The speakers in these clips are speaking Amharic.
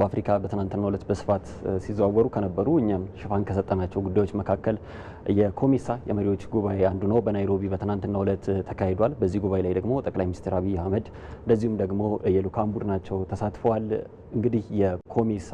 በአፍሪካ በትናንትናው ዕለት በስፋት ሲዘዋወሩ ከነበሩ እኛም ሽፋን ከሰጠናቸው ጉዳዮች መካከል የኮሜሳ የመሪዎች ጉባኤ አንዱ ነው። በናይሮቢ በትናንትናው ዕለት ተካሂዷል። በዚህ ጉባኤ ላይ ደግሞ ጠቅላይ ሚኒስትር አብይ አህመድ እንደዚሁም ደግሞ የልዑካን ቡድናቸው ተሳትፈዋል። እንግዲህ የኮሜሳ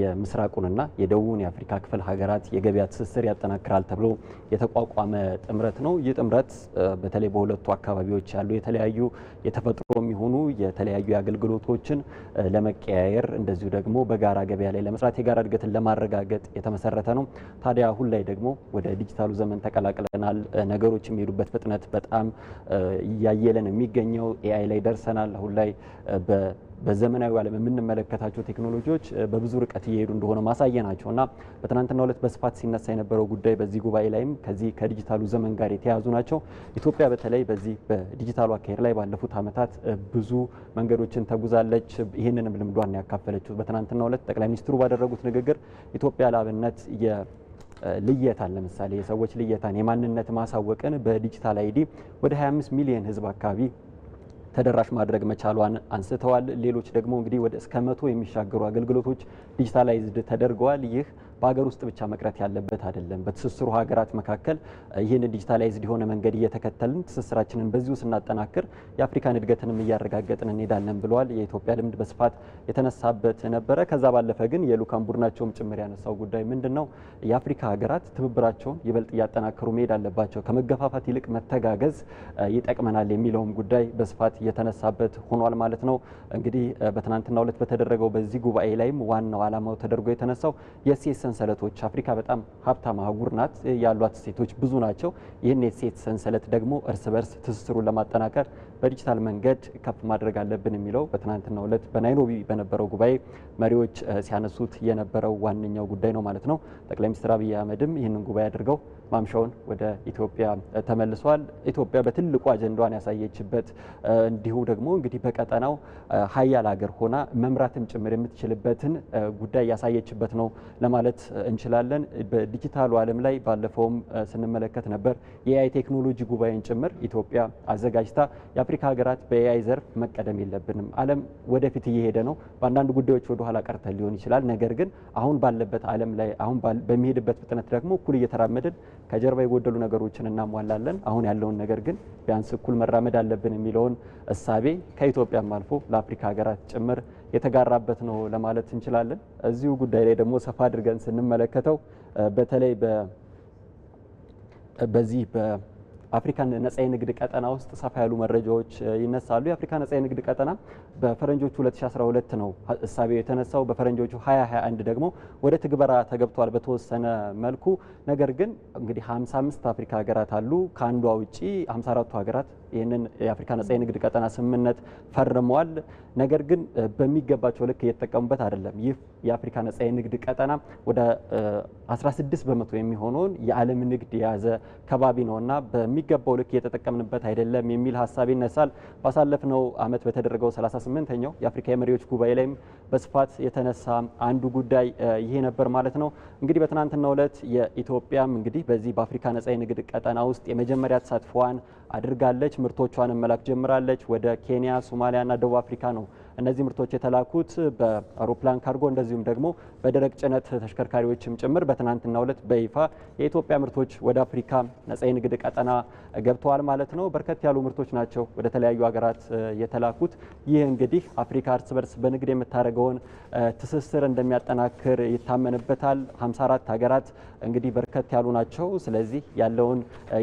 የምስራቁንና የደቡቡን የአፍሪካ ክፍል ሀገራት የገበያ ትስስር ያጠናክራል ተብሎ የተቋቋመ ጥምረት ነው። ይህ ጥምረት በተለይ በሁለቱ አካባቢዎች ያሉ የተለያዩ የተፈጥሮ የሚሆኑ የተለያዩ አገልግሎቶችን ለመቀያየር እንደዚሁ ደግሞ በጋራ ገበያ ላይ ለመስራት የጋራ እድገትን ለማረጋገጥ የተመሰረተ ነው። ታዲያ አሁን ላይ ደግሞ ወደ ዲጂታሉ ዘመን ተቀላቅለናል። ነገሮች የሚሄዱበት ፍጥነት በጣም እያየለን የሚገኘው ኤአይ ላይ ደርሰናል። አሁን ላይ በዘመናዊ ዓለም የምንመለከታቸው ቴክኖሎጂዎች በብዙ ርቀት እየሄዱ እንደሆነ ማሳየ ናቸው እና በትናንትናው ዕለት በስፋት ሲነሳ የነበረው ጉዳይ በዚህ ጉባኤ ላይም ከዚህ ከዲጂታሉ ዘመን ጋር የተያያዙ ናቸው። ኢትዮጵያ በተለይ በዚህ በዲጂታሉ አካሄድ ላይ ባለፉት ዓመታት ብዙ መንገዶችን ተጉዛለች። ይህንንም ልምዷን ያካፈለችው በትናንትናው ዕለት ጠቅላይ ሚኒስትሩ ባደረጉት ንግግር ኢትዮጵያ ለአብነት ልየታን ለምሳሌ የሰዎች ልየታን የማንነት ማሳወቅን በዲጂታል አይዲ ወደ 25 ሚሊዮን ህዝብ አካባቢ ተደራሽ ማድረግ መቻሏን አንስተዋል። ሌሎች ደግሞ እንግዲህ ወደ እስከ መቶ የሚሻገሩ አገልግሎቶች ዲጂታላይዝድ ተደርገዋል። ይህ በሀገር ውስጥ ብቻ መቅረት ያለበት አይደለም። በትስስሩ ሀገራት መካከል ይህንን ዲጂታላይዝድ የሆነ መንገድ እየተከተልን ትስስራችንን በዚሁ ስናጠናክር የአፍሪካን እድገትንም እያረጋገጥን እንሄዳለን ብለዋል። የኢትዮጵያ ልምድ በስፋት የተነሳበት ነበረ። ከዛ ባለፈ ግን የልዑካን ቡድናቸውም ጭምር ያነሳው ጉዳይ ምንድን ነው? የአፍሪካ ሀገራት ትብብራቸውን ይበልጥ እያጠናከሩ መሄድ አለባቸው፣ ከመገፋፋት ይልቅ መተጋገዝ ይጠቅመናል የሚለውም ጉዳይ በስፋት የተነሳበት ሆኗል ማለት ነው። እንግዲህ በትናንትናው ዕለት በተደረገው በዚህ ጉባኤ ላይም ዋናው ዓላማው ተደርጎ የተነሳው የሴስን ሰንሰለቶች አፍሪካ በጣም ሀብታም አህጉር ናት፣ ያሏት እሴቶች ብዙ ናቸው። ይህን የእሴት ሰንሰለት ደግሞ እርስ በርስ ትስስሩን ለማጠናከር በዲጂታል መንገድ ከፍ ማድረግ አለብን የሚለው በትናንትናው ዕለት በናይሮቢ በነበረው ጉባኤ መሪዎች ሲያነሱት የነበረው ዋነኛው ጉዳይ ነው ማለት ነው። ጠቅላይ ሚኒስትር አብይ አህመድም ይህንን ጉባኤ አድርገው ማምሻውን ወደ ኢትዮጵያ ተመልሷል። ኢትዮጵያ በትልቁ አጀንዳዋን ያሳየችበት እንዲሁ ደግሞ እንግዲህ በቀጠናው ሀያል ሀገር ሆና መምራትም ጭምር የምትችልበትን ጉዳይ ያሳየችበት ነው ለማለት እንችላለን። በዲጂታሉ ዓለም ላይ ባለፈውም ስንመለከት ነበር የኤአይ ቴክኖሎጂ ጉባኤን ጭምር ኢትዮጵያ አዘጋጅታ የአፍሪካ ሀገራት በኤአይ ዘርፍ መቀደም የለብንም፣ ዓለም ወደፊት እየሄደ ነው። በአንዳንድ ጉዳዮች ወደኋላ ቀርተን ሊሆን ይችላል። ነገር ግን አሁን ባለበት ዓለም ላይ አሁን በሚሄድበት ፍጥነት ደግሞ እኩል እየተራመድን ከጀርባ የጎደሉ ነገሮችን እናሟላለን። አሁን ያለውን ነገር ግን ቢያንስ እኩል መራመድ አለብን የሚለውን እሳቤ ከኢትዮጵያም አልፎ ለአፍሪካ ሀገራት ጭምር የተጋራበት ነው ለማለት እንችላለን። እዚሁ ጉዳይ ላይ ደግሞ ሰፋ አድርገን ስንመለከተው በተለይ በዚህ አፍሪካን ነጻ የንግድ ቀጠና ውስጥ ሰፋ ያሉ መረጃዎች ይነሳሉ። የአፍሪካ ነጻ የንግድ ቀጠና በፈረንጆቹ 2012 ነው እሳቤው የተነሳው። በፈረንጆቹ 2021 ደግሞ ወደ ትግበራ ተገብቷል በተወሰነ መልኩ። ነገር ግን እንግዲህ 55 አፍሪካ ሀገራት አሉ። ከአንዷ ውጪ 54ቱ ሀገራት ይህንን የአፍሪካ ነጻ የንግድ ቀጠና ስምምነት ፈርመዋል። ነገር ግን በሚገባቸው ልክ እየተጠቀሙበት አይደለም። ይህ የአፍሪካ ነጻ የንግድ ቀጠና ወደ 16 በመቶ የሚሆነውን የዓለም ንግድ የያዘ ከባቢ ነውና በሚገባው ልክ እየተጠቀምንበት አይደለም የሚል ሀሳብ ይነሳል። ባሳለፍነው ዓመት በተደረገው 38ኛው የአፍሪካ የመሪዎች ጉባኤ ላይም በስፋት የተነሳ አንዱ ጉዳይ ይሄ ነበር ማለት ነው። እንግዲህ በትናንትናው ዕለት የኢትዮጵያም እንግዲህ በዚህ በአፍሪካ ነጻ የንግድ ቀጠና ውስጥ የመጀመሪያ ተሳትፎዋን አድርጋለች። ምርቶቿን መላክ ጀምራለች። ወደ ኬንያ፣ ሶማሊያና ደቡብ አፍሪካ ነው እነዚህ ምርቶች የተላኩት በአውሮፕላን ካርጎ እንደዚሁም ደግሞ በደረቅ ጭነት ተሽከርካሪዎችም ጭምር በትናንትናው ዕለት በይፋ የኢትዮጵያ ምርቶች ወደ አፍሪካ ነጻ የንግድ ቀጠና ገብተዋል ማለት ነው። በርከት ያሉ ምርቶች ናቸው ወደ ተለያዩ ሀገራት የተላኩት። ይህ እንግዲህ አፍሪካ እርስ በርስ በንግድ የምታደርገውን ትስስር እንደሚያጠናክር ይታመንበታል። 54 ሀገራት እንግዲህ በርከት ያሉ ናቸው። ስለዚህ ያለውን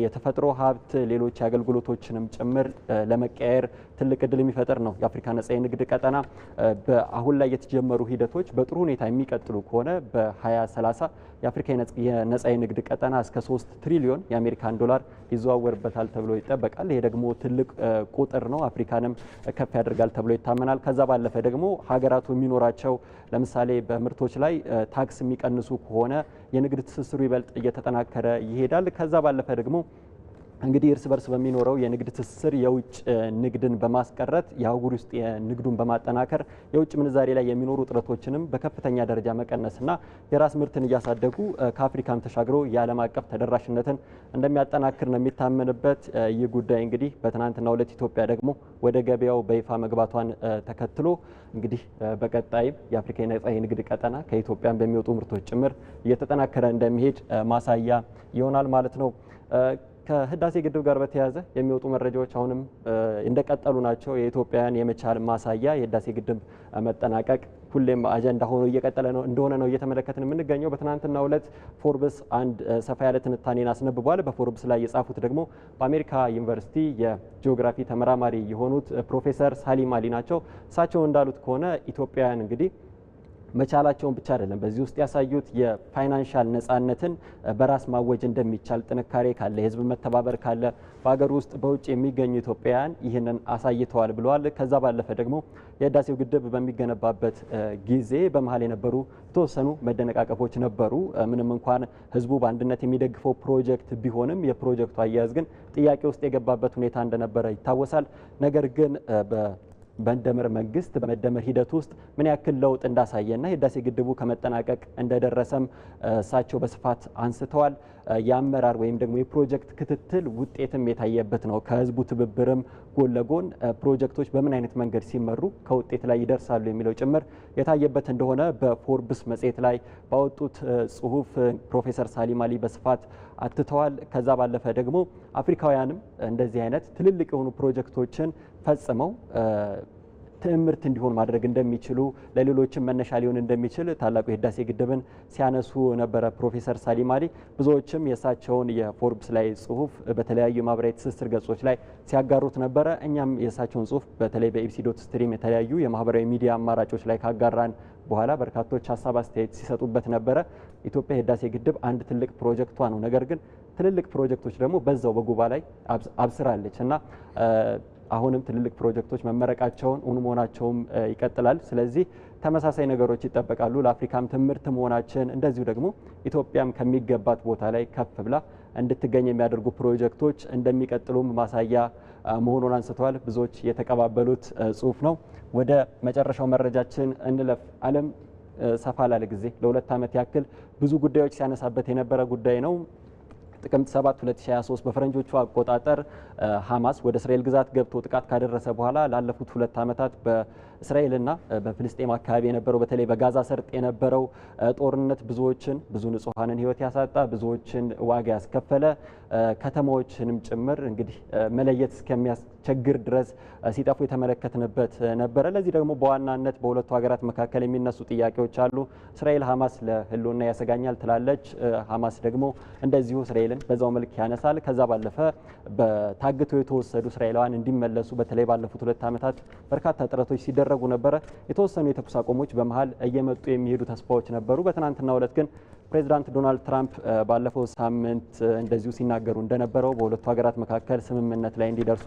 የተፈጥሮ ሀብት ሌሎች አገልግሎቶችንም ጭምር ለመቀየር ትልቅ እድል የሚፈጥር ነው። የአፍሪካ ነጻ የንግድ ቀጠና በአሁን ላይ የተጀመሩ ሂደቶች በጥሩ ሁኔታ የሚቀጥሉ ከሆነ በ2030 የአፍሪካ የነጻ የንግድ ቀጠና እስከ 3 ትሪሊዮን የአሜሪካን ዶላር ይዘዋወርበታል ተብሎ ይጠበቃል። ይሄ ደግሞ ትልቅ ቁጥር ነው። አፍሪካንም ከፍ ያደርጋል ተብሎ ይታመናል። ከዛ ባለፈ ደግሞ ሀገራቱ የሚኖራቸው ለምሳሌ በምርቶች ላይ ታክስ የሚቀንሱ ከሆነ የንግድ ትስስሩ ይበልጥ እየተጠናከረ ይሄዳል። ከዛ ባለፈ ደግሞ እንግዲህ እርስ በርስ በሚኖረው የንግድ ትስስር የውጭ ንግድን በማስቀረት የአህጉር ውስጥ ንግዱን በማጠናከር የውጭ ምንዛሬ ላይ የሚኖሩ እጥረቶችንም በከፍተኛ ደረጃ መቀነስና የራስ ምርትን እያሳደጉ ከአፍሪካም ተሻግሮ የዓለም አቀፍ ተደራሽነትን እንደሚያጠናክር ነው የሚታመንበት። ይህ ጉዳይ እንግዲህ በትናንትና ሁለት ኢትዮጵያ ደግሞ ወደ ገበያው በይፋ መግባቷን ተከትሎ እንግዲህ በቀጣይም የአፍሪካ የነጻ የንግድ ቀጠና ከኢትዮጵያ በሚወጡ ምርቶች ጭምር እየተጠናከረ እንደሚሄድ ማሳያ ይሆናል ማለት ነው። ከህዳሴ ግድብ ጋር በተያያዘ የሚወጡ መረጃዎች አሁንም እንደቀጠሉ ናቸው። የኢትዮጵያውያን የመቻል ማሳያ የህዳሴ ግድብ መጠናቀቅ ሁሌም አጀንዳ ሆኖ እየቀጠለ ነው እንደሆነ ነው እየተመለከትን የምንገኘው። በትናንትናው ዕለት ፎርብስ አንድ ሰፋ ያለ ትንታኔን አስነብቧል። በፎርብስ ላይ የጻፉት ደግሞ በአሜሪካ ዩኒቨርሲቲ የጂኦግራፊ ተመራማሪ የሆኑት ፕሮፌሰር ሳሊም አሊ ናቸው። እሳቸው እንዳሉት ከሆነ ኢትዮጵያውያን እንግዲህ መቻላቸውን ብቻ አይደለም በዚህ ውስጥ ያሳዩት የፋይናንሻል ነፃነትን በራስ ማወጅ እንደሚቻል ጥንካሬ ካለ፣ የህዝብ መተባበር ካለ በሀገር ውስጥ በውጭ የሚገኙ ኢትዮጵያውያን ይህንን አሳይተዋል ብለዋል። ከዛ ባለፈ ደግሞ የህዳሴው ግድብ በሚገነባበት ጊዜ በመሀል የነበሩ የተወሰኑ መደነቃቀፎች ነበሩ። ምንም እንኳን ህዝቡ በአንድነት የሚደግፈው ፕሮጀክት ቢሆንም የፕሮጀክቱ አያያዝ ግን ጥያቄ ውስጥ የገባበት ሁኔታ እንደነበረ ይታወሳል። ነገር ግን በመደመር መንግስት በመደመር ሂደት ውስጥ ምን ያክል ለውጥ እንዳሳየና የህዳሴ ግድቡ ከመጠናቀቅ እንደደረሰም እሳቸው በስፋት አንስተዋል። የአመራር ወይም ደግሞ የፕሮጀክት ክትትል ውጤትም የታየበት ነው። ከህዝቡ ትብብርም ጎን ለጎን ፕሮጀክቶች በምን አይነት መንገድ ሲመሩ ከውጤት ላይ ይደርሳሉ የሚለው ጭምር የታየበት እንደሆነ በፎርብስ መጽሔት ላይ ባወጡት ጽሁፍ ፕሮፌሰር ሳሊም አሊ በስፋት አትተዋል። ከዛ ባለፈ ደግሞ አፍሪካውያንም እንደዚህ አይነት ትልልቅ የሆኑ ፕሮጀክቶችን ፈጽመው ትምህርት እንዲሆን ማድረግ እንደሚችሉ ለሌሎችም መነሻ ሊሆን እንደሚችል ታላቁ የህዳሴ ግድብን ሲያነሱ ነበረ ፕሮፌሰር ሳሊም አሊ። ብዙዎችም የእሳቸውን የፎርብስ ላይ ጽሁፍ በተለያዩ ማህበራዊ ትስስር ገጾች ላይ ሲያጋሩት ነበረ። እኛም የእሳቸውን ጽሁፍ በተለይ ዶት ስትሪም የተለያዩ የማህበራዊ ሚዲያ አማራጮች ላይ ካጋራን በኋላ በርካቶች ሀሳብ አስተያየት ሲሰጡበት ነበረ። ኢትዮጵያ የህዳሴ ግድብ አንድ ትልቅ ፕሮጀክቷ ነው። ነገር ግን ትልልቅ ፕሮጀክቶች ደግሞ በዛው በጉባ ላይ አብስራለች እና አሁንም ትልልቅ ፕሮጀክቶች መመረቃቸውን እውን መሆናቸውም ይቀጥላል። ስለዚህ ተመሳሳይ ነገሮች ይጠበቃሉ። ለአፍሪካም ትምህርት መሆናችን እንደዚሁ ደግሞ ኢትዮጵያም ከሚገባት ቦታ ላይ ከፍ ብላ እንድትገኝ የሚያደርጉ ፕሮጀክቶች እንደሚቀጥሉም ማሳያ መሆኑን አንስተዋል። ብዙዎች የተቀባበሉት ጽሁፍ ነው። ወደ መጨረሻው መረጃችን እንለፍ። አለም ሰፋ ላለ ጊዜ ለሁለት ዓመት ያክል ብዙ ጉዳዮች ሲያነሳበት የነበረ ጉዳይ ነው። ጥቅምት 7 2023 በፈረንጆቹ አቆጣጠር ሐማስ ወደ እስራኤል ግዛት ገብቶ ጥቃት ካደረሰ በኋላ ላለፉት ሁለት ዓመታት በእስራኤልና በፍልስጤም አካባቢ የነበረው በተለይ በጋዛ ሰርጥ የነበረው ጦርነት ብዙዎችን ብዙ ንጹሐንን ህይወት ያሳጣ ብዙዎችን ዋጋ ያስከፈለ ከተማዎችንም ጭምር እንግዲህ መለየት እስከሚያስ ችግር ድረስ ሲጠፉ የተመለከትንበት ነበረ። ለዚህ ደግሞ በዋናነት በሁለቱ ሀገራት መካከል የሚነሱ ጥያቄዎች አሉ። እስራኤል ሀማስ ለህልውና ያሰጋኛል ትላለች፣ ሀማስ ደግሞ እንደዚሁ እስራኤልን በዛው መልክ ያነሳል። ከዛ ባለፈ በታግተው የተወሰዱ እስራኤላውያን እንዲመለሱ በተለይ ባለፉት ሁለት ዓመታት በርካታ ጥረቶች ሲደረጉ ነበረ። የተወሰኑ የተኩስ አቁሞች በመሀል እየመጡ የሚሄዱ ተስፋዎች ነበሩ። በትናንትናው ዕለት ግን ፕሬዚዳንት ዶናልድ ትራምፕ ባለፈው ሳምንት እንደዚሁ ሲናገሩ እንደነበረው በሁለቱ ሀገራት መካከል ስምምነት ላይ እንዲደርሱ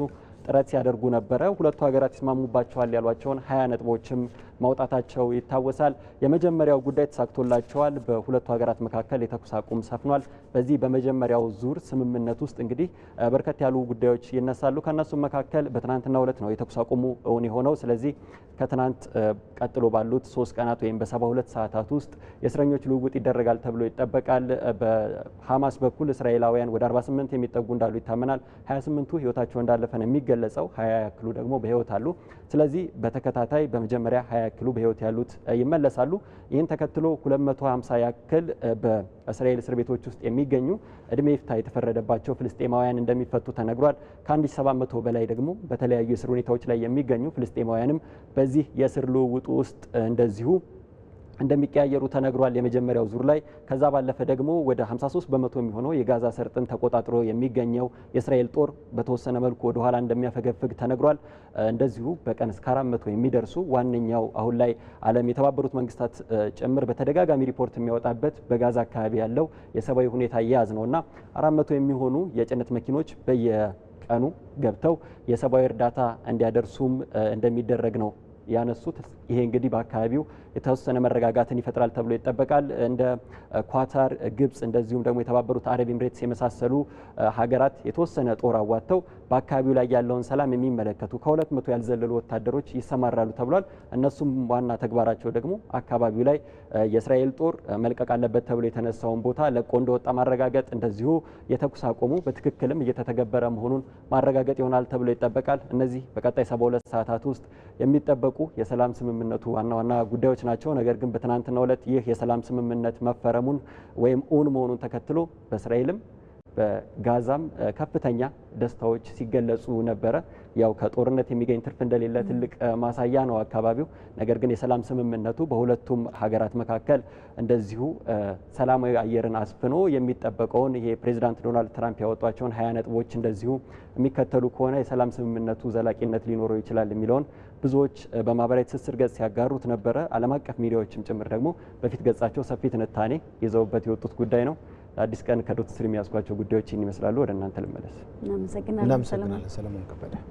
ጥረት ሲያደርጉ ነበረ። ሁለቱ ሀገራት ይስማሙባቸዋል ያሏቸውን ሀያ ነጥቦችም ማውጣታቸው ይታወሳል። የመጀመሪያው ጉዳይ ተሳክቶላቸዋል። በሁለቱ ሀገራት መካከል የተኩስ አቁም ሰፍኗል። በዚህ በመጀመሪያው ዙር ስምምነት ውስጥ እንግዲህ በርከት ያሉ ጉዳዮች ይነሳሉ። ከእነሱም መካከል በትናንትናው ዕለት ነው የተኩስ አቁሙ እውን የሆነው። ስለዚህ ከትናንት ቀጥሎ ባሉት ሶስት ቀናት ወይም በሰባ ሁለት ሰዓታት ውስጥ የእስረኞች ልውውጥ ይደረጋል ተብሎ ይጠበቃል። በሐማስ በኩል እስራኤላውያን ወደ 48 የሚጠጉ እንዳሉ ይታመናል። 28ቱ ህይወታቸው እንዳለፈ ነው የሚገለጸው፣ ሀያ ያክሉ ደግሞ በህይወት አሉ። ስለዚህ በተከታታይ በመጀመሪያ ሀያ ያክሉ በህይወት ያሉት ይመለሳሉ። ይህን ተከትሎ 250 ያክል በእስራኤል እስር ቤቶች ውስጥ የሚገኙ እድሜ ይፍታ የተፈረደባቸው ፍልስጤማውያን እንደሚፈቱ ተነግሯል። ከ1700 በላይ ደግሞ በተለያዩ የእስር ሁኔታዎች ላይ የሚገኙ ፍልስጤማውያንም በዚህ የእስር ልውውጡ ውስጥ እንደዚሁ እንደሚቀያየሩ ተነግሯል። የመጀመሪያው ዙር ላይ ከዛ ባለፈ ደግሞ ወደ 53 በመቶ የሚሆነው የጋዛ ሰርጥን ተቆጣጥሮ የሚገኘው የእስራኤል ጦር በተወሰነ መልኩ ወደ ኋላ እንደሚያፈገፍግ ተነግሯል። እንደዚሁ በቀን እስከ 400 የሚደርሱ ዋነኛው አሁን ላይ ዓለም የተባበሩት መንግስታት ጭምር በተደጋጋሚ ሪፖርት የሚያወጣበት በጋዛ አካባቢ ያለው የሰብአዊ ሁኔታ ነው ነውና 400 የሚሆኑ የጭነት መኪኖች በየቀኑ ገብተው የሰብአዊ እርዳታ እንዲያደርሱም እንደሚደረግ ነው ያነሱት። ይሄ እንግዲህ በአካባቢው የተወሰነ መረጋጋትን ይፈጥራል ተብሎ ይጠበቃል። እንደ ኳታር፣ ግብጽ እንደዚሁም ደግሞ የተባበሩት አረብ ኤምሬትስ የመሳሰሉ ሀገራት የተወሰነ ጦር አዋጥተው በአካባቢው ላይ ያለውን ሰላም የሚመለከቱ ከሁለት መቶ ያልዘለሉ ወታደሮች ይሰማራሉ ተብሏል። እነሱም ዋና ተግባራቸው ደግሞ አካባቢው ላይ የእስራኤል ጦር መልቀቅ አለበት ተብሎ የተነሳውን ቦታ ለቆ እንደወጣ ማረጋገጥ፣ እንደዚሁ የተኩስ አቁሙ በትክክልም እየተተገበረ መሆኑን ማረጋገጥ ይሆናል ተብሎ ይጠበቃል። እነዚህ በቀጣይ 72 ሰዓታት ውስጥ የሚጠበቁ የሰላም ስምምነ ስምምነቱ ዋና ዋና ጉዳዮች ናቸው። ነገር ግን በትናንትናው ዕለት ይህ የሰላም ስምምነት መፈረሙን ወይም እውን መሆኑን ተከትሎ በእስራኤልም በጋዛም ከፍተኛ ደስታዎች ሲገለጹ ነበረ። ያው ከጦርነት የሚገኝ ትርፍ እንደሌለ ትልቅ ማሳያ ነው አካባቢው። ነገር ግን የሰላም ስምምነቱ በሁለቱም ሀገራት መካከል እንደዚሁ ሰላማዊ አየርን አስፍኖ የሚጠበቀውን ይሄ ፕሬዚዳንት ዶናልድ ትራምፕ ያወጧቸውን ሀያ ነጥቦች እንደዚሁ የሚከተሉ ከሆነ የሰላም ስምምነቱ ዘላቂነት ሊኖረው ይችላል የሚለውን ብዙዎች በማህበራዊ ትስስር ገጽ ያጋሩት ነበረ። ዓለም አቀፍ ሚዲያዎችም ጭምር ደግሞ በፊት ገጻቸው ሰፊ ትንታኔ ይዘውበት የወጡት ጉዳይ ነው። አዲስ ቀን ከዶት ስትሪም የሚያስጓቸው ጉዳዮችን ይመስላሉ። ወደ እናንተ ልመለስ። እናመሰግናለን ሰለሞን ከበደ።